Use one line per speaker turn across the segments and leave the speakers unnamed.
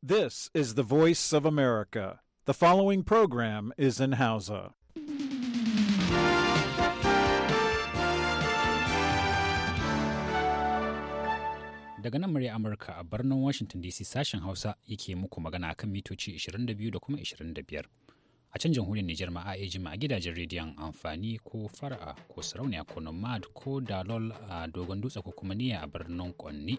This is the voice of America. The following program is in Hausa.
Daga nan murya Amurka a birnin Washington DC sashen Hausa yake muku magana akan mitoci 22 da kuma 25. A can jamhuriyar Nijar ma a jima a gidajen rediyon amfani ko fara'a ko sarauniya ko nomad ko dalol a dogon dutse ko kuma niyya a birnin Kwanni.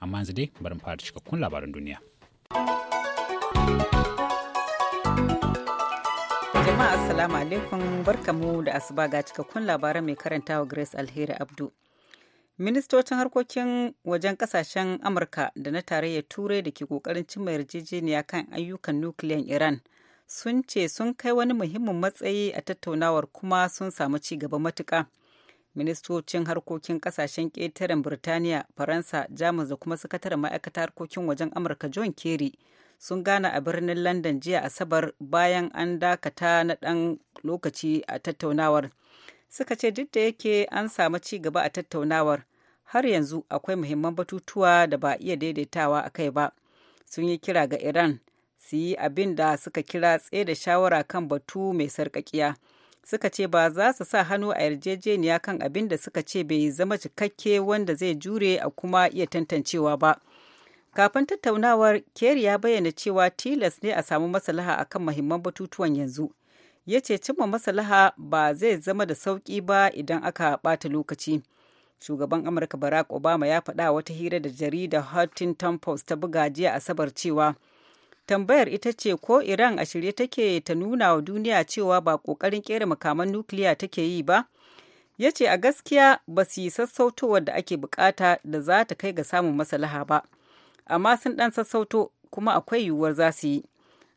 amma yanzu dai bari fara cikakkun labaran duniya
jama'a assalamu alaikum barkamu da asuba ga cikakkun labaran mai karanta wa grace alheri abdu ministocin harkokin wajen kasashen amurka da na tarayyar turai da ke kokarin cimma yarjejeniya kan ayyukan nukiliyan iran sun ce sun kai wani muhimmin matsayi a tattaunawar kuma sun samu ci gaba matuƙa. ministocin harkokin kasashen ƙetaren Birtaniya, Faransa, Jamus da kuma sakataren ma'aikatar harkokin wajen Amurka John Kerry sun gana a birnin London jiya Asabar bayan an dakata na ɗan lokaci a tattaunawar. Suka ce duk da yake an samu ci gaba a tattaunawar, har yanzu akwai muhimman batutuwa da ba iya daidaitawa a kai ba. Sun yi kira ga Iran su yi abin da suka kira tsaye da shawara kan batu mai sarƙaƙiya. suka ce ba za su sa hannu a yarjejeniya kan abin da suka ce bai zama cikakke wanda zai jure a kuma iya tantancewa ba kafin tattaunawar kerry ya bayyana cewa tilas ne a samu a akan mahimman batutuwan yanzu ya ce cimma masalaha ba zai zama da sauƙi ba idan aka ɓata lokaci shugaban amurka barack obama ya faɗa wata hira da jarida huntington post ta buga jiya asabar cewa tambayar ita ce ko iran a shirye take ta nuna wa duniya cewa ba kokarin kera makaman nukiliya take yi ba ya ce a gaskiya ba su yi sassautowar da ake bukata da za ta kai ga samun maslaha ba amma sun dan sassauto kuma akwai yiwuwar za su yi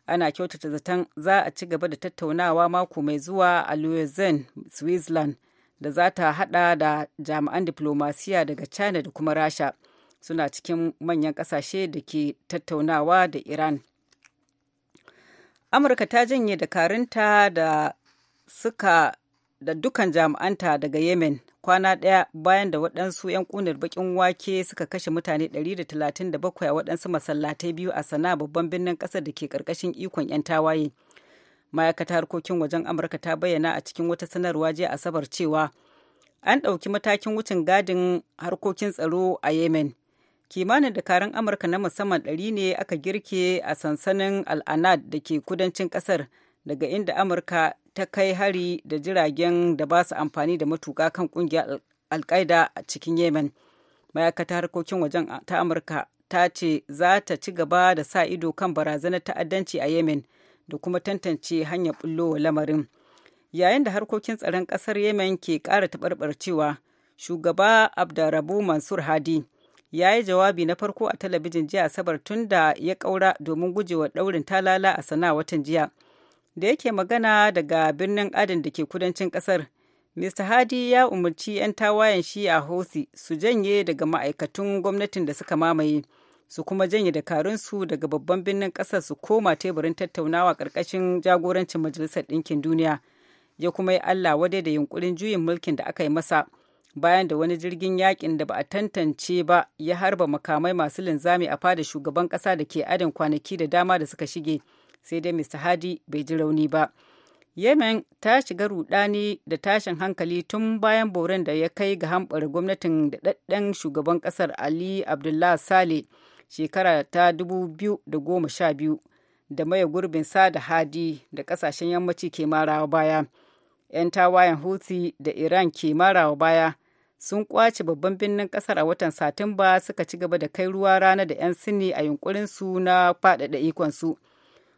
ana kyautata zaton za a ci gaba da tattaunawa mako mai zuwa a lausanne switzerland da za ta hada da jami'an diplomasiya daga china da kuma rasha suna cikin manyan kasashe da ke tattaunawa da iran amurka ta janye dakarunta da suka da dukan jami'anta daga yemen kwana ɗaya bayan da waɗansu 'yan ƙunar baƙin wake suka kashe mutane 137 a waɗansu masallatai biyu a sana babban birnin ƙasar da ke ƙarƙashin ikon 'yan tawaye ma'aikatar harkokin wajen amurka ta bayyana a cikin wata sanarwa jiya asabar cewa an ɗauki matakin wucin gadin harkokin tsaro a yemen kimanin dakarun amurka na musamman ɗari ne aka girke a sansanin al'anad da ke kudancin ƙasar daga inda amurka ta kai hari da jiragen da ba su amfani da matuka kan ƙungiyar alkaida a cikin yemen ma'aikatar harkokin wajen ta amurka ta ce za ta ci gaba da sa ido kan barazanar ta'addanci a yemen da kuma tantance hanyar bullowa lamarin yayin da harkokin tsaron ƙasar yemen ke ƙara taɓarɓarcewa shugaba abdarabu mansur hadi ya yi jawabi na farko a talabijin jiya asabar tun da ya kaura domin gujewa daurin talala a sana'a watan jiya da yake magana daga birnin adin da ke kudancin kasar mr hadi ya umarci 'yan tawayen shi a hosi su janye daga ma'aikatun gwamnatin da suka mamaye su kuma janye dakarunsu daga babban birnin ƙasar su koma teburin tattaunawa ƙarƙashin jagorancin majalisar ɗinkin duniya ya kuma yi allah wadai da yunkurin juyin mulkin da aka yi masa bayan da wani jirgin yakin da ba a tantance ba ya harba makamai masu linzami a fada shugaban kasa da ke adin kwanaki da dama da suka shige sai dai mr hadi bai ji rauni ba yemen ta shiga rudani da tashin hankali tun bayan boren da ya kai ga hambar gwamnatin daɗaɗɗen shugaban kasar ali abdullah sale shekara ta 2012 da maye gurbin sada hadi da kasashen yammaci ke marawa baya 'yan tawayen houthi da iran ke marawa baya sun kwace babban birnin kasar a watan satumba suka ci gaba da kai ruwa rana da 'yan sini a yunkurin su na faɗaɗa ikonsu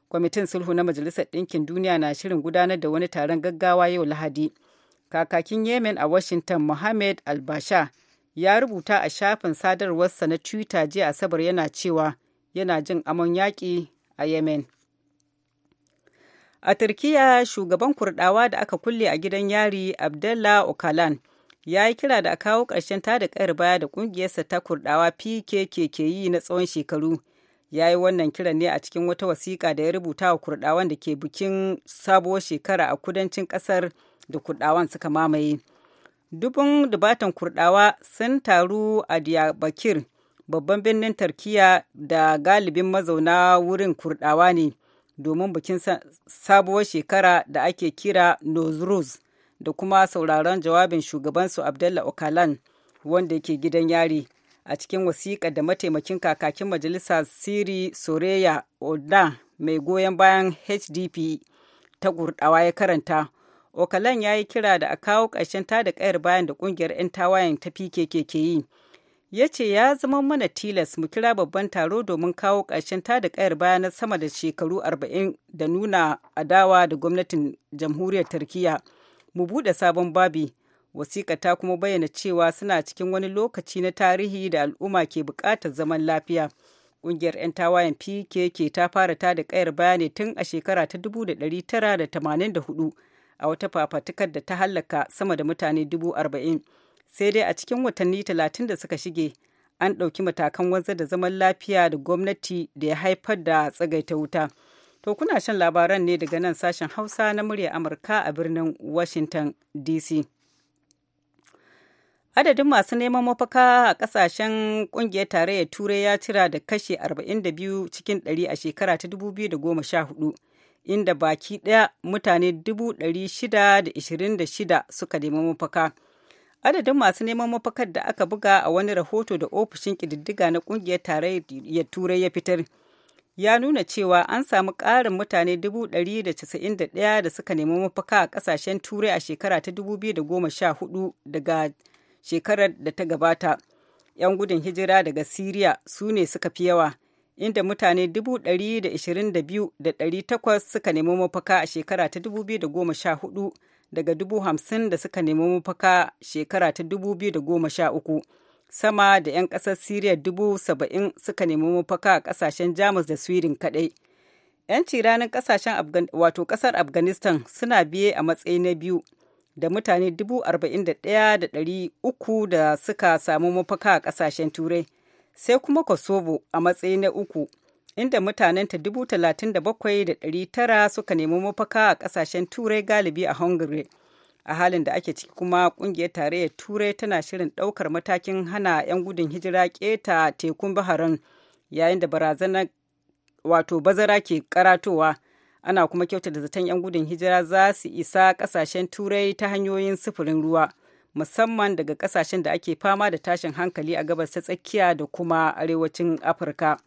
kwamitin sulhu na majalisar ɗinkin duniya na shirin gudanar da wani taron gaggawa yau lahadi kakakin yemen a washington mohammed albasha ya rubuta a shafin sadarwarsa na twitter jiya asabar yana cewa yana jin amon yaƙi a yemen a turkiya shugaban kurdawa da aka kulle a gidan yari abdullah Okalan. ya yi kira da a kawo ƙarshen tada kayar baya da ƙungiyarsa ta kurɗawa PKK ke yi na tsawon shekaru. Ya yi wannan kiran ne a cikin wata wasiƙa da ya rubuta wa kurɗawan da ke bikin sabuwar shekara a kudancin ƙasar da kurɗawan suka mamaye. Dubun dubatan kurɗawa sun taru a Diyabakir, babban birnin Tarkiya da galibin mazauna wurin kurɗawa ne domin bikin sabuwar shekara da ake kira Nozruz. da kuma sauraron jawabin shugabansu Abdalla Okalan wanda yake gidan yari a cikin wasiƙa da mataimakin kakakin majalisa Siri Soreya Oda mai goyon bayan HDP ta gurdawa ya karanta. Okalan ya yi kira da a kawo ƙarshen ta da ƙayar bayan da ƙungiyar 'yan tawayen ta PKK ke yi. Ya ce ya zama mana tilas mu kira babban taro domin kawo ƙarshen ta da ƙayar baya na sama da shekaru arba'in da nuna adawa da gwamnatin jamhuriyar Turkiyya. mu buɗe sabon babi wasiƙa ta kuma bayyana cewa suna cikin wani lokaci na tarihi da al'umma ke buƙatar zaman lafiya ƙungiyar 'yan tawayen pkk ta fara ta da ƙayar bayani tun a shekara ta da da tara tamanin 1984 a wata fafatukar da ta hallaka sama da mutane dubu arba'in sai dai a cikin watanni talatin da suka shige an ɗauki matakan wanzar da zaman lafiya da gwamnati da ya haifar da tsagaita wuta. To kuna shan labaran ne daga nan sashen Hausa na murya Amurka a birnin Washington DC. Adadin masu neman mafaka a kasashen kungiyar tarayyar Turai ya cira da kashe 42 cikin 100 a shekara ta 2014, inda baki ɗaya mutane 626 suka nemi mafaka. Adadin masu neman mafakar da aka buga a wani rahoto da ofishin ƙididdiga na kungiyar tarayyar Turai ya fitar. ya nuna cewa an samu ƙarin mutane 191 da suka nemi mafaka a ƙasashen turai a shekara ta 2014 daga shekarar da ta gabata. 'Yan gudun hijira daga Siriya su ne suka fi yawa, inda mutane 122,800 suka nemi mafaka a shekara ta 2014 daga 50,000 da suka nemi mafaka shekara ta 2013. sama da 'yan kasar Siriya dubu saba'in suka nemi mafaka a kasashen Jamus da Sweden kaɗai. 'Yanci ranar kasashen wato ƙasar Afghanistan suna biye a matsayi na biyu da mutane dubu arba'in da ɗaya da ɗari uku da suka samu mafaka a ƙasashen Turai. Sai kuma Kosovo a matsayi na uku inda mutanenta dubu talatin da bakwai da ɗari tara suka nemi mafaka a ƙasashen Turai galibi a Hungary. a halin da ake ciki kuma kungiyar tarayyar turai tana shirin ɗaukar matakin hana 'yan gudun hijira keta tekun baharin yayin da barazanar wato bazara ke karatowa ana kuma kyautata zaton 'yan gudun hijira za su isa kasashen turai ta hanyoyin sufurin ruwa musamman daga kasashen da ake fama da tashin hankali a gabas ta tsakiya da kuma arewacin afirka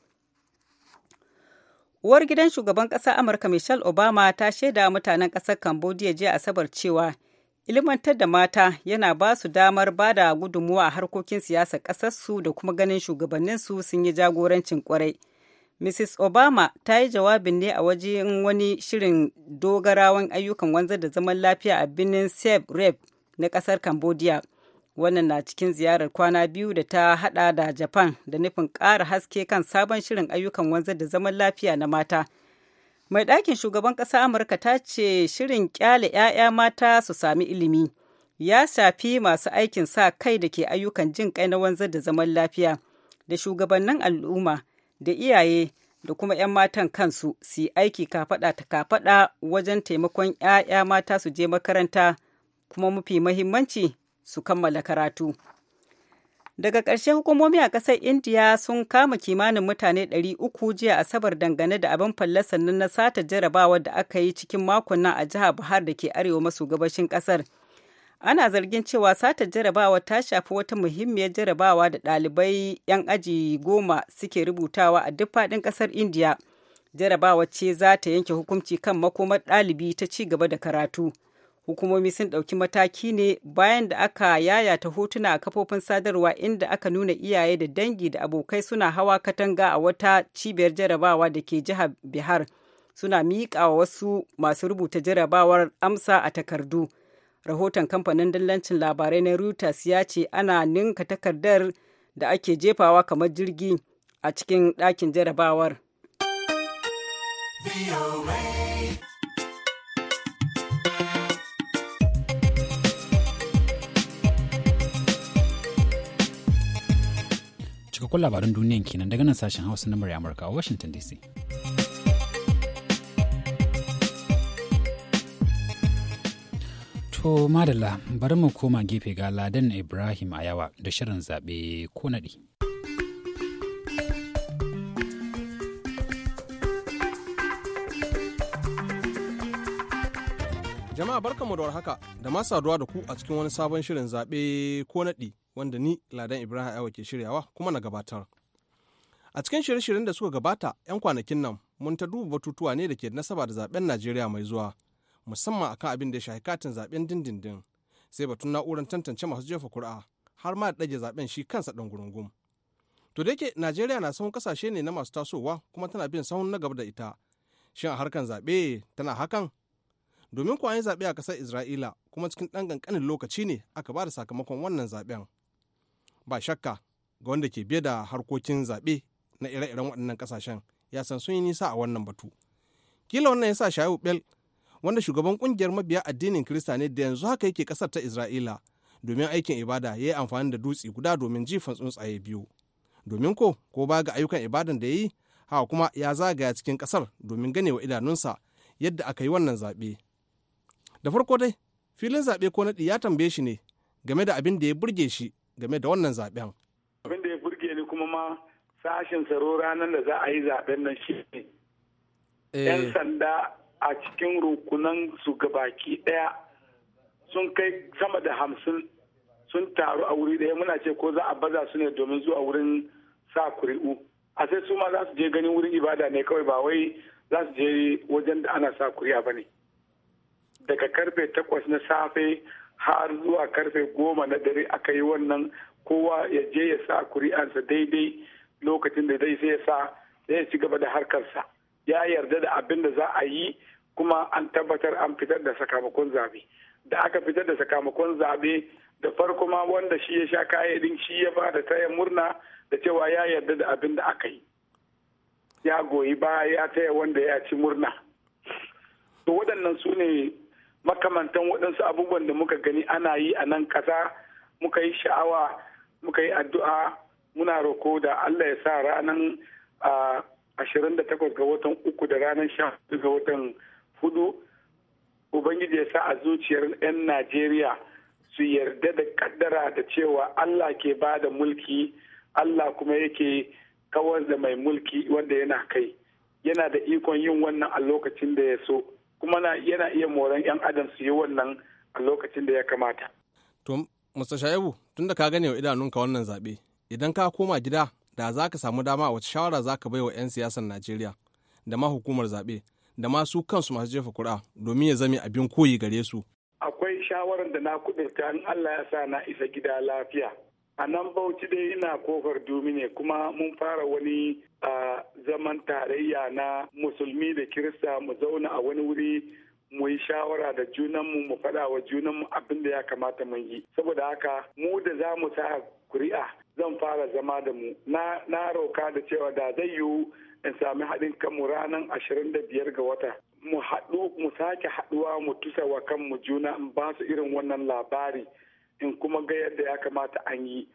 uwar gidan shugaban ƙasa amurka michelle obama ta shaida mutanen ƙasar cambodia jiya asabar cewa Ilimantar da mata yana ba su damar ba da gudunmuwa a harkokin siyasar ƙasarsu da kuma ganin shugabanninsu sun yi jagorancin kwarai. Mrs. Obama ta yi jawabin ne a wajen wani shirin dogarawan ayyukan wanzar da zaman lafiya a birnin Siem Rep na ƙasar Cambodia. Wannan na cikin ziyarar kwana biyu da ta hada da Japan da nufin ƙara haske kan sabon shirin ayyukan wanzar da zaman lafiya na mata mai ɗakin shugaban ƙasa amurka ta ce shirin ƙyale 'ya'ya mata su sami ilimi ya shafi masu aikin sa kai da ke ayyukan jin kai na wanzar da zaman lafiya da shugabannin al'umma da iyaye da kuma 'yan matan kansu su yi aiki kafaɗa ta kafaɗa wajen taimakon 'ya'ya mata su je makaranta kuma mafi mahimmanci su kammala karatu. Daga ƙarshen hukumomi a ƙasar Indiya sun kama kimanin mutane 300 jiya Asabar dangane da abin fallasan na sata jarabawar da aka yi cikin makon nan a jihar Bihar da ke arewa maso gabashin ƙasar. Ana zargin cewa sata jarabawa ta shafi wata muhimmiyar jarabawa da ɗalibai 'yan aji goma suke rubutawa a duk faɗin ƙasar Indiya. Jarabawa ce za ta yanke hukunci kan makomar ɗalibi ta ci gaba da karatu. hukumomi sun ɗauki mataki ne bayan da aka yayata hotuna a kafofin sadarwa inda aka nuna iyaye da dangi da abokai suna hawa katanga a wata cibiyar jarabawa da ke jihar bihar suna miƙa wa wasu masu rubuta jarabawar amsa a takardu rahoton kamfanin dallancin labarai na reuters ya ce ana ninka takardar da ake jefawa kamar jirgi a cikin ɗakin jarabawar.
cikakkun labaran duniyan kenan daga nan sashen hausa na murya amurka a washington dc to madalla bari mu koma gefe ga ladan ibrahim ayawa da shirin zaɓe ko naɗi
Jama'a kamar da warhaka da masu saduwa da ku a cikin wani sabon shirin zaɓe ko naɗi wanda ni Ladan Ibrahim Aiwa ke shiryawa kuma na gabatar. A cikin shirye-shiryen da suka gabata 'yan kwanakin nan mun ta duba batutuwa ne da ke nasaba da zaɓen Najeriya mai zuwa musamman akan abin da ya shafi katin zaɓen dindindin sai batun na'urar tantance masu jefa kuri'a har ma da ɗage zaɓen shi kansa ɗan gurungum. To da yake Najeriya na sahun kasashe ne na masu tasowa kuma tana bin sahun na gaba da ita. Shin a harkan zaɓe tana hakan? domin kuwa yi zaɓe a ƙasar isra'ila kuma cikin ɗan ƙanƙanin lokaci ne aka ba da sakamakon wannan zaɓen ba shakka ga wanda ke biye da harkokin zaɓe na ire-iren waɗannan ƙasashen ya san sun yi nisa a wannan batu kila wannan ya sa shayu bel wanda shugaban ƙungiyar mabiya addinin kirista ne da yanzu haka yake ƙasar ta isra'ila domin aikin ibada ya yi amfani da dutse guda domin jifan tsuntsaye biyu domin ko ko ba ga ayyukan ibadan da ya yi haka kuma ya zagaya cikin ƙasar domin ganewa idanunsa yadda aka yi wannan zaɓe da farko dai filin zaɓe ko naɗi ya tambaye shi ne game da abin da ya burge shi game da wannan zaɓen.
abin da ya burge ni kuma ma sashen tsaro ranar da za a yi zaɓen nan shi ne eh. yan sanda a cikin rukunan su gabaki ɗaya sun kai sama da hamsin sun taru a wuri ɗaya muna ce ko za a baza su ne domin zuwa wurin sa kuri'u a sai su ma za su je ganin wurin ibada ne kawai ba wai za su je wajen da ana sa kuri'a ba ne. daga karfe takwas na safe har zuwa karfe goma na dare aka yi wannan kowa ya je ya sa kuri'ansa daidai lokacin da zai sai ya sa zai ci gaba da harkarsa ya yarda da abin da za a yi kuma an tabbatar an fitar da sakamakon zabe da aka fitar da sakamakon zabe da farko ma wanda shi ya sha kayyadin shi ya ba da taya murna da cewa ya yarda da abin da aka yi ya goyi baya ya taya wanda ya ci murna to waɗannan su ne makamantan waɗansu abubuwan da muka gani ana yi a nan ƙasa muka yi sha'awa muka yi addu'a muna roko da allah ya sa ranar ashirin da takwas ga watan uku da ranar sha ga watan hudu ubangiji ya sa a zuciyar 'yan najeriya su yarda da kaddara da cewa allah ke ba da mulki allah kuma yake kawar da mai mulki wanda yana kai yana da ikon yin wannan a lokacin da ya so kuma yana iya moran 'yan adam su yi wannan a lokacin da ya kamata.
To, Mr. Shaibu, tun da ka gane wa idanunka wannan zaɓe, idan ka koma gida da za ka samu dama wace shawara za ka bai wa 'yan siyasar Najeriya da ma hukumar zaɓe da ma su kansu masu jefa kura domin ya zame abin koyi gare su.
Akwai shawarar da na kudurta in Allah ya sa na isa gida lafiya. a nan bauchi dai ina kofar dumine ne kuma mun fara wani zaman tarayya na musulmi da kirista mu zauna a wani wuri mu yi shawara da junanmu mu faɗa wa junanmu abin da ya kamata mun yi saboda haka mu da za mu sa kuri'a zan fara zama da mu na roka da cewa da zai yiwu in sami haɗin kanmu ranar ashirin da biyar ga wata mu haɗu mu sake haɗuwa mu tusa wa kanmu juna in ba su irin wannan labari in kuma ga yadda ya kamata an yi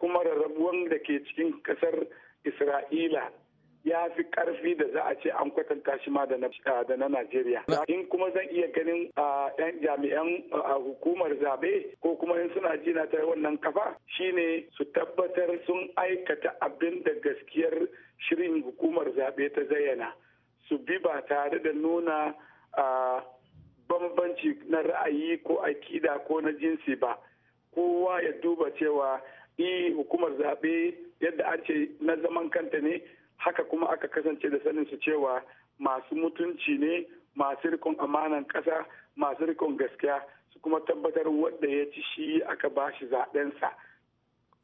kuma rarrabuwan da ke cikin kasar isra'ila ya fi karfi da za a ce an kwatanta shi ma da na Najeriya. In kuma zan iya ganin yan jami'an hukumar zabe ko kuma in suna jina ta wannan kafa shine su tabbatar sun aikata abin da gaskiyar shirin hukumar zabe ta zayyana su bi ba tare da nuna bambanci na ra'ayi ko akida ko na jinsi ba. kowa ya duba cewa yi hukumar zaɓe yadda an ce na zaman kanta ne haka kuma aka kasance da sanin su cewa masu mutunci ne masu rikon amanan ƙasa masu rikon gaskiya su kuma tabbatar wadda ya ci shi aka ba shi zaɓensa.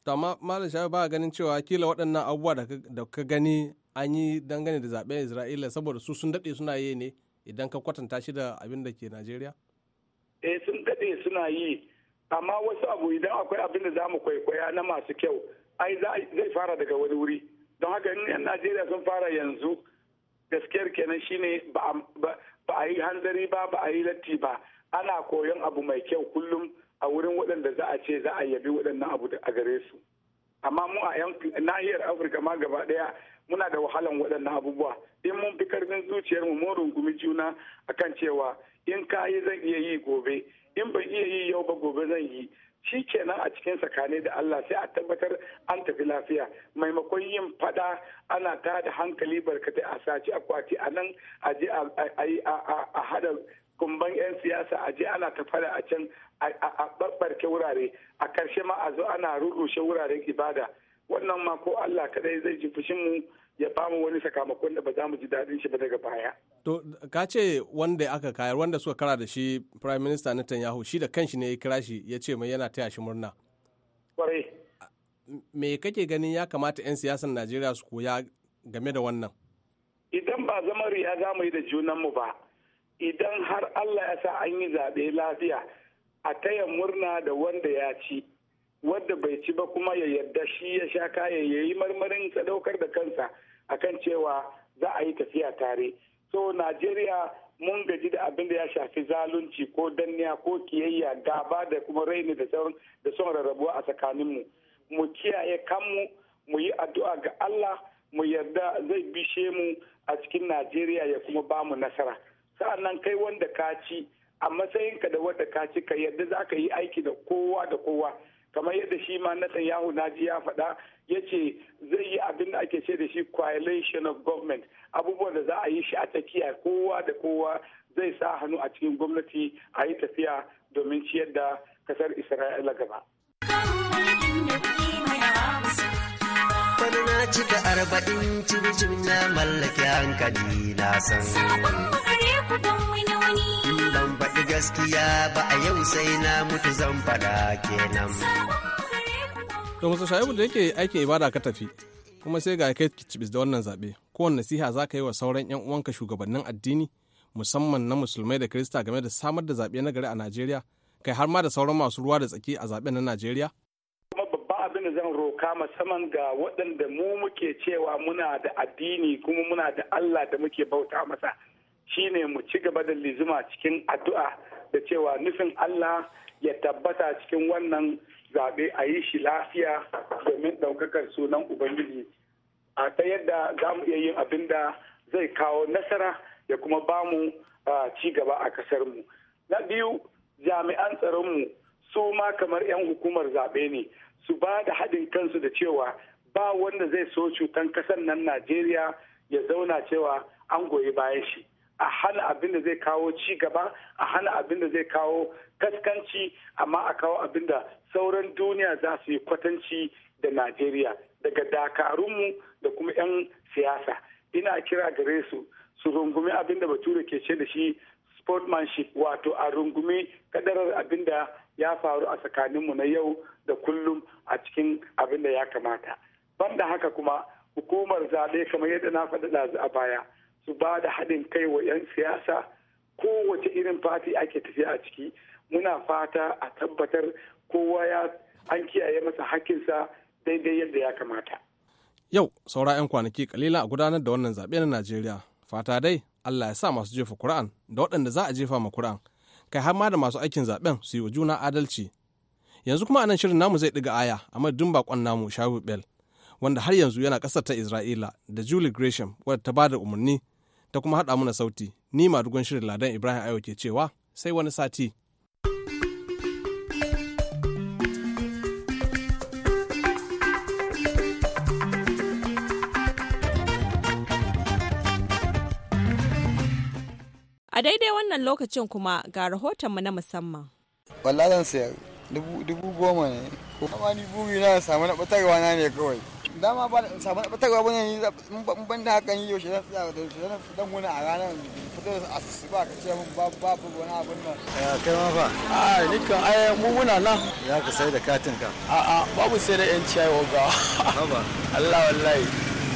amma malam shafi ba ganin cewa kila waɗannan abubuwa da ka gani an yi dangane da zaɓen isra'ila saboda su sun daɗe suna yi ne idan ka kwatanta shi da abin da ke najeriya
eh sun daɗe suna yi amma wasu abu idan akwai abin da za mu kwaikwaya na masu kyau ai zai fara daga wani wuri don haka in yan najeriya sun fara yanzu gaskiyar kenan shine ba a yi hanzari ba ba a yi latti ba ana koyon abu mai kyau kullum a wurin waɗanda za a ce za a yabi waɗannan abu a gare su amma mu a yan nahiyar afirka ma gaba ɗaya muna da wahalan waɗannan abubuwa in mun fi karfin zuciyar mu mun rungumi juna akan cewa in ka yi zan iya yi gobe in ban iya yi yau ba gobe zan yi shi kenan a cikin tsakani da Allah sai a tabbatar an tafi lafiya maimakon yin fada ana ta da hankali barkata a saci akwati a nan a je a hada kumban 'yan siyasa a je ana ta fada a can a babbarke wurare a karshe ma a zo ana rurrushe wuraren ibada wannan ma ko Allah kadai zai ji fushin mu ya bamu wani sakamakon da ba za mu ji daɗin shi ba daga baya.
To ka ce wanda aka kayar wanda suka kara da shi Prime Minister Netanyahu shi da kanshi ne ya kira shi ya ce mai yana taya shi murna. Kwarai. Me kake ganin ya kamata 'yan siyasan Najeriya su koya game da wannan?
Idan ba zama riya za mu yi da junanmu ba, idan har Allah ya sa an yi zaɓe lafiya a taya murna da wanda ya ci. wadda bai ci ba kuma ya yarda shi ya sha kaya ya yi marmarin sadaukar da kansa a kan cewa za a yi tafiya tare so najeriya mun gaji da abin da ya shafi zalunci ko danniya ko kiyayya gaba da kuma raini da sauran da son rarrabuwa a tsakaninmu mu kiyaye kanmu mu yi addu'a ga allah mu yarda zai bishe mu a cikin najeriya ya kuma ba mu nasara sa'annan kai wanda ka ci a matsayinka da wanda ka ci ka yarda za ka yi aiki da kowa da kowa kamar yadda shi ma na Netanyahu na ji ya faɗa ya ce zai yi abin da ake ce da shi coalition of government abubuwan da za a yi shi a tsakiya kowa da kowa zai sa hannu a cikin gwamnati a yi tafiya domin ciyar da kasar Isra'ila gaba.
Wani na cika arba'in cibijin na
mallake hankali na san. Sabon
gaskiya ba a yau sai na mutu zan fada kenan. To Musa Shaibu da yake aikin ibada ka tafi kuma sai ga kai kicibis da wannan zaɓe kowane nasiha za ka yi wa sauran 'yan uwanka shugabannin addini musamman na musulmai da kirista game da samar da zaɓe na gari a Najeriya kai har ma da sauran masu ruwa da tsaki a zaɓen na Najeriya?
Kuma babban abin zan roka musamman ga waɗanda mu muke cewa muna da addini kuma muna da Allah da muke bauta masa shine mu ci gaba da lizuma cikin addu'a da cewa nufin Allah ya tabbata cikin wannan zaɓe a yi shi lafiya domin ɗaukakar sunan Ubangiji a ta yadda za mu iya yin abin da zai kawo nasara ya kuma ba mu ci gaba a mu Na biyu jami'an tsaron mu su ma kamar 'yan hukumar zaɓe ne su ba da haɗin kansu da cewa ba wanda zai so cutan ƙasar nan Najeriya ya zauna cewa an goyi bayan shi. a hana abin da zai kawo ci gaba a hana abin da zai kawo kaskanci amma a kawo abin da sauran duniya za su yi kwatanci da najeriya daga dakarunmu da kuma 'yan siyasa ina kira gare su su rungumi abin da bature ke ce da shi sportmanship wato a rungumi kadarar abin da ya faru a tsakaninmu na yau da kullum a cikin abin da ya kamata banda haka kuma hukumar zaɓe kamar yadda na faɗi a baya su ba da haɗin kai wa 'yan siyasa kowace irin fati ake tafiya a ciki muna fata a tabbatar kowa ya an kiyaye masa hakkinsa daidai yadda ya kamata.
Yau saura 'yan kwanaki kalila a gudanar da wannan zaɓe na Najeriya. Fata dai Allah ya sa masu jefa Kur'an da waɗanda za a jefa ma Kur'an. Kai har ma da masu aikin zaɓen su yi wa juna adalci. Yanzu kuma a nan shirin namu zai ɗiga aya a madadin bakon namu Shawu Bell wanda har yanzu yana ƙasar ta Isra'ila da Julie Gresham wadda ta ba da umarni ta kuma haɗa mana sauti ni madugon shirin ladan ibrahim ayo ke cewa sai wani sati
A daidai wannan lokacin kuma ga rahotonmu na musamman.
Wallah zan sayar dubu goma ne, kuma ni bugu na samu na ɓatarwa na ne kawai.
dama ba sabon batarwa bane in ban da hakan yi
yaushe zan tsaya da yaushe zan dan a ranar fito a ba ka ce mun babu babu wani abin nan
ya kai ma fa a nikan aya mu muna nan
ya ka sai da katin ka
a a babu sai da yan ciyawa ga Allah wallahi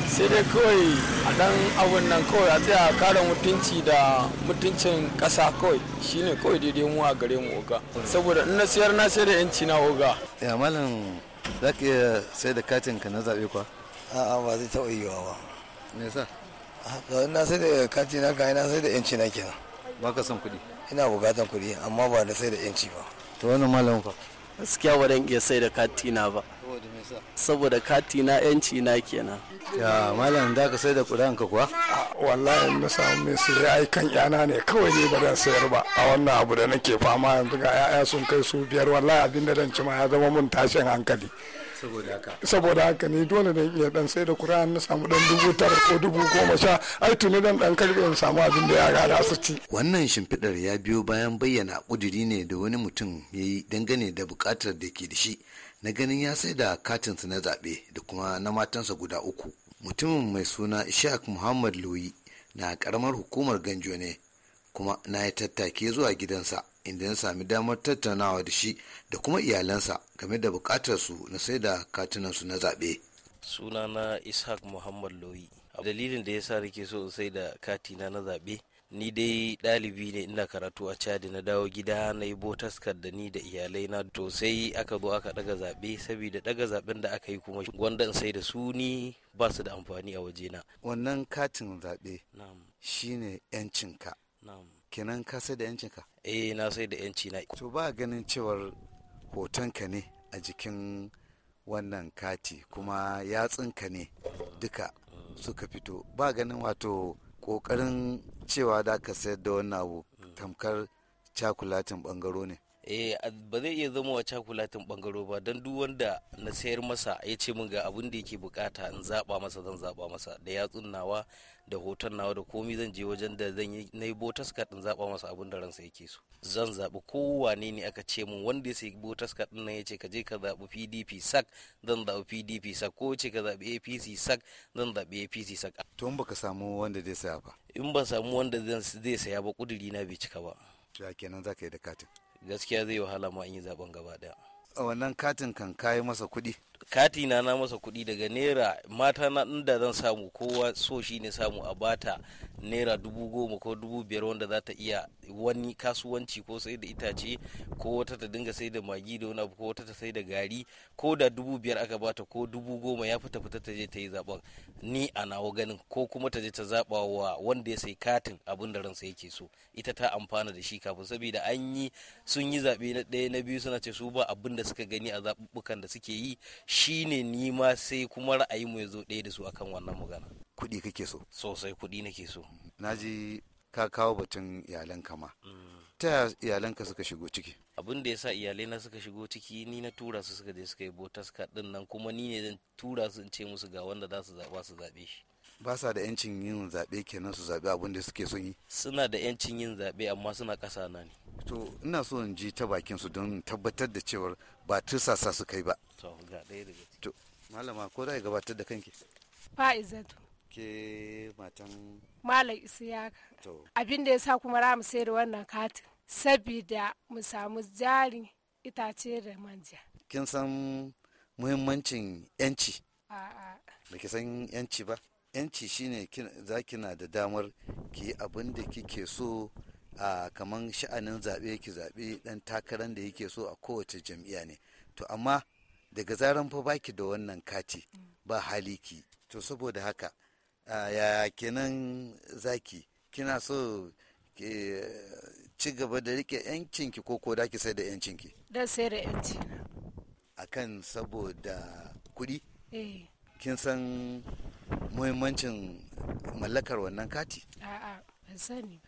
sai dai kawai a dan abun nan kawai a tsaya kare mutunci da mutuncin kasa kawai shine kawai daidai mu a gare mu oga saboda in na siyar na sai da yanci na oga ya malam
za ka iya sai da katin ka na zaɓe kuwa a'a ba zai taɓa yiwa ba me yasa ga na sai da katin na kai na sai da yanci na kenan ba ka son kuɗi ina bukatan kuɗi amma ba da sai da yanci ba to wani malamin fa gaskiya
ba dan iya sai da katina ba saboda kati na yanci na kenan ya malam da ka sai da kudan ka kuwa
wallahi na samu mai sai ai kan yana ne kawai ne ba zan sayar ba a wannan abu da nake fama yanzu ga yaya sun kai su biyar wallahi abin da dan ci ma ya zama mun tashin hankali saboda haka ne dole ne iya dan sai da kur'an na samu dan dubu tara ko dubu goma sha ai tuni dan dan karbe in samu abin da yara da su
ci wannan shimfiɗar ya biyo bayan bayyana kuduri ne da wani mutum ya yi dangane da bukatar da ke da shi na ganin ya sai da katinsa na zaɓe da kuma na matansa guda uku mutumin mai suna ishaq muhammad loyi na karamar hukumar ganjo ne kuma na ya tattake zuwa gidansa inda na sami damar tattaunawa da shi da kuma iyalansa game da bukatar su na sai da katunansu na zaɓe.
sunana ishaq muhammad loyi dalilin da ya sa nake so sai da katina na zaɓe ni dai ɗalibi ne ina karatu a cadi na dawo gida na yi botaskar da ni da iyalai na to sai aka zo aka ɗaga zaɓe saboda ɗaga zaɓen da aka yi kuma gwanda in sai da su ni ba su da amfani a wajena
wannan katin zabe shine 'yancinka kenan ka sai da ka. eh na sai da yanci na to ba ganin cewar hotonka ne a jikin wannan kati kuma yatsunka ne duka suka fito ba ganin wato kokarin cewa da ka sayar da wannan abu tamkar cakulatin bangaro ne
Eh, ba zai iya zama wa cakulatin bangaro ba don duk wanda na sayar masa ya ce min ga abin da yake bukata in zaba masa zan zaba masa da yatsun nawa da hoton nawa da komi zan je wajen da zan yi na yi botas card in zaba masa abin da ransa yake so zan zabi kowane ne aka ce min wanda ya sayi botas card din nan ya ce ka je ka zabi PDP sac zan zabi PDP sac ko ce ka zabi APC sac zan zabi APC sac to in baka samu wanda zai saya ba in ba samu wanda zai saya ba kudiri na bai cika ba ya kenan ka yi da katin gaskiya zai wahala ma in yi zaben gaba daya
a wannan katin kan kayi masa kuɗi
kati na na masa kuɗi daga naira mata na inda zan samu kowa so shi ne samu a bata naira dubu goma ko dubu biyar wanda za ta iya wani kasuwanci ko sai da itace ko wata ta dinga sai da magi da wani abu ko wata ta sai da gari ko da dubu biyar aka bata ko dubu goma ya fita fita ta je ta yi zaɓen ni a nawa ganin ko kuma ta je ta zaɓa wa wanda ya sai katin abin da ransa yake so ita ta amfana da shi kafin saboda an yi sun yi zaɓe na ɗaya na biyu suna ce su ba abin da suka gani a zaɓuɓɓukan da suke yi shine ni ma sai kuma ra'ayi mu ya zo ɗaya da su akan wannan magana kuɗi kake so sosai
kuɗi nake so naji ka kawo batun iyalanka ma mm. ta yaya iyalanka suka shigo ciki
abin da yasa na suka shigo ciki ni na tura su suka je suka yi botas din nan kuma ni ne zan tura su in ce musu ga wanda za su zaɓa su zaɓe shi
ba sa da yancin yin zaɓe kenan su zaɓe abin da suke son yi
suna da yancin yin zaɓe amma suna ƙasa na ne
to ina so in ji ta bakin su don tabbatar da cewar ba tursasa su kai ba to malama ko za gabatar da kanki fa'izatu ke matan
malam isiyaka abin da ya sa kuma ramu sai da wannan katin sabida mu samu jari itace da manja
kin san muhimmancin yanci ba ki san yanci ba yanci shine za kina da damar ki abin da kike so a kamar sha'anin zaɓe ki zaɓe ɗan takarar da yake so a kowace jam'iyya ne to amma daga zaran fa baki da wannan kati ba hali ki to saboda haka ya kenan zaki kina so ki eh, ci gaba da rike yancinki ko ko da ki sai da yancinki
da sai da yanci
akan saboda kuɗi eh. kin san muhimmancin mallakar wannan kati
a'a sani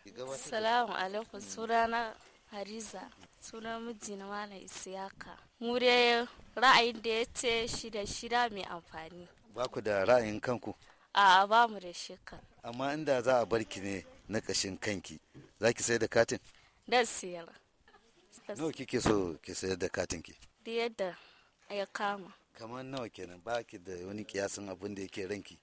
salamu alaikum sunana hariza sunan miji na malam isiyaka Mure ra'ayin da ya ce shida shida mai amfani
ba ku da ra'ayin kanku
a ba mu da shi kan
amma inda za a bar ki ne na kashin kanki za ki sayar da katin
da siyar nawa kike so
ki sayar da katin ki
da yadda ya kama
kamar nawa kenan ba ki da wani kiyasin abin da yake ranki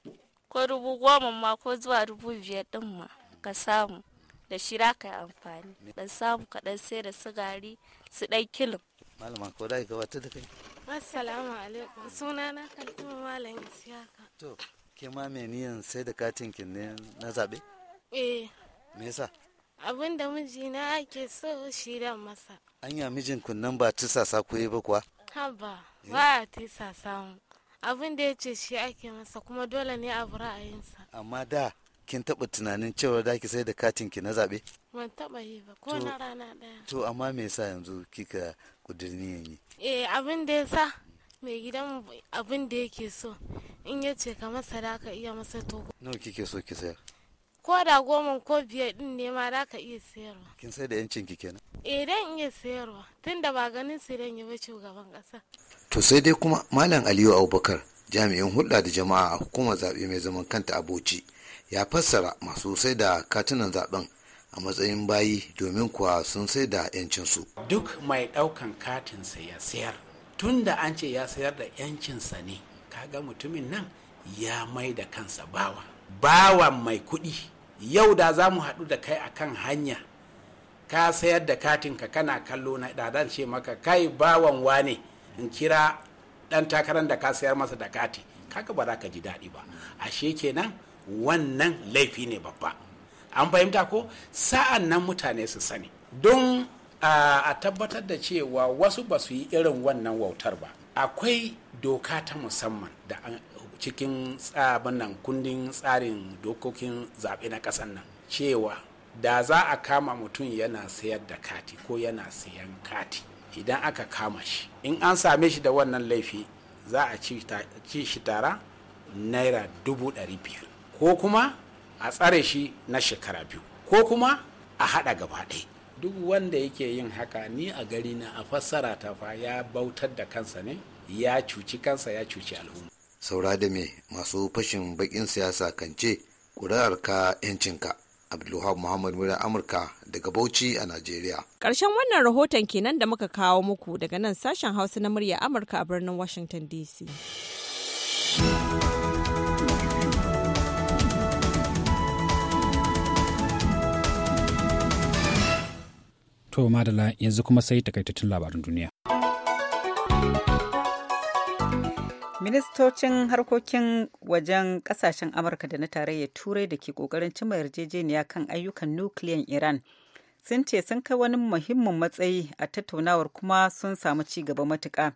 ko dubu goma ma ko zuwa dubu biyar din ma ka samu da shi ra ka yi amfani dan samu kaɗan sai da sigari su ɗan kilin
malama ko da wata da kai
assalamu alaikum na kaltuma malam isiyaka
to ke ma me niyan sai da katin kin ne na zabe eh me yasa
abin da mijina ake so shi da masa
anya mijin kun nan ba tisasa ku yi ba kuwa
haba eh. ba a tisasa mu abin da ya ce shi ake masa kuma dole ne a ra'ayinsa
amma da kin taɓa tunanin cewa za ki sai da katin ki na zaɓe?
Ban taɓa yi ba ko na rana ɗaya.
To amma me yasa yanzu kika kudirin yi?
Eh abin da yasa mai gidan abin da yake so in ya ce ka masa da ka iya masa to.
Nawa kike so ki sayar?
Ko da goma ko biyar ɗin ne ma da ka iya sayarwa.
Kin sai da yancin ki kenan?
Eh dan iya sayarwa tunda ba ganin su dan yi ba shugaban ƙasa.
To sai dai kuma Malam Aliyu Abubakar jami'in hulɗa da jama'a a hukumar zaɓe mai zaman kanta a bauchi ya fassara masu sai da katunan zaɓen a matsayin bayi domin kuwa sun sai da
'yancinsu duk mai ɗaukan katinsa ya sayar tun da an ce ya sayar da 'yancinsa ne kaga mutumin nan ya mai da kansa bawa bawa mai kuɗi yau da za mu haɗu da kai akan hanya ka sayar da katinka kana kallo na zan ce maka kai bawan wane in kira dan takarar da ka sayar masa da kati kaga ba za ka ji daɗi ba ashe kenan wannan laifi ne babba an fahimta ko sa'an nan mutane su sani don a tabbatar da cewa wasu ba su yi irin wannan wautar ba akwai doka ta musamman da cikin tsabin nan kundin tsarin dokokin zaɓe na ƙasar nan cewa da za a kama mutum yana sayar da kati ko yana sayan kati idan aka kama shi in an same shi da wannan laifi za a ci shi tara naira dubu ɗari biyar ko kuma a tsare shi na shekara biyu ko kuma a haɗa gaba ɗaya duk wanda yake yin haka ni a gari na a fassara ta fa ya bautar da kansa ne ya cuci kansa ya cuci al'umma
saura da me masu fashin bakin siyasa kan ce ƙuri'arka 'yancinka Abdulwahab Muhammad Mura Amurka daga Bauchi a Najeriya.
Ƙarshen wannan rahoton kenan da muka kawo muku daga nan sashen Hausa na murya Amurka a birnin Washington DC.
To madala yanzu kuma sai takaitattun labarin duniya.
ministocin harkokin wajen kasashen amurka da na tarayyar turai da ke kokarin cimma yarjejeniya kan ayyukan nukiliyan iran sun ce sun kai wani muhimmin matsayi a tattaunawar kuma sun samu ci gaba matuƙa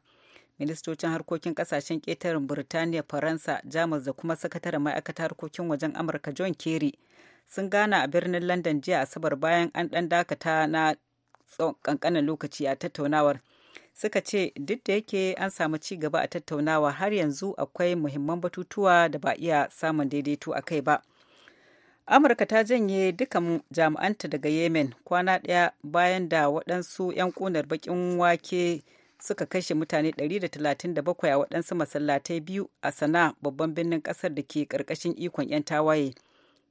ministocin harkokin kasashen ƙetaren burtaniya faransa jamus da kuma sakataren ma'aikatar harkokin wajen amurka john kerry sun gana a birnin london jiya asabar bayan an ɗan dakata na kankanin lokaci a tattaunawar suka ce duk da yake an samu ci gaba a tattaunawa har yanzu akwai muhimman batutuwa da ba iya samun daidaito a kai ba amurka ta janye dukkan jami'anta daga yemen kwana ɗaya bayan da waɗansu 'yan ƙunar baƙin wake suka kashe mutane 137 a waɗansu masallatai biyu a sana babban birnin ƙasar da ke ƙarƙashin ikon 'yan tawaye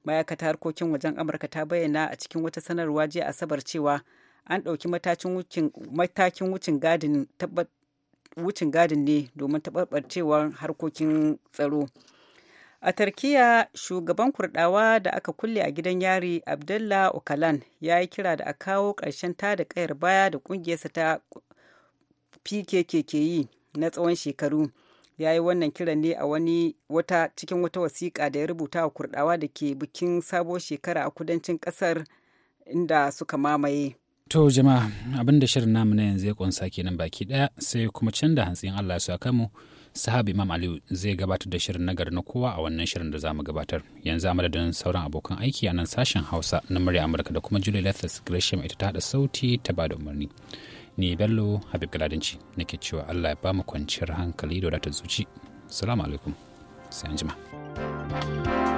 ma'aikatar harkokin wajen amurka ta bayyana a cikin wata sanarwa jiya asabar cewa an ɗauki matakin wucin gadin wucin gadin ne domin taɓarɓarcewar harkokin tsaro a tarkiya shugaban kurdawa da aka kulle a gidan yari abdullah okalan ya yi kira da a kawo ƙarshen da ƙayar baya da ƙungiyarsa ta pkk ke yi na tsawon shekaru ya yi wannan kiran ne a wani wata cikin wata wasiƙa da ya rubuta wa kurdawa da ke bikin sabuwar shekara a kudancin ƙasar inda suka mamaye
To jama'a abin da shirin namu na yanzu ya kunsa kenan baki daya sai kuma can da hantsin Allah ya saka mu sahabi Imam Aliyu zai gabatar da shirin nagari na kowa a wannan shirin da za mu gabatar. Yanzu a madadin sauran abokan aiki a nan sashen Hausa na murya Amurka da kuma Julie Lethas Gresham ita ta hada sauti ta bada umarni. Ni Bello Habib Galadinci nake cewa Allah ya ba mu kwanciyar hankali da wadatar zuci. assalamu alaikum. Sai anjima.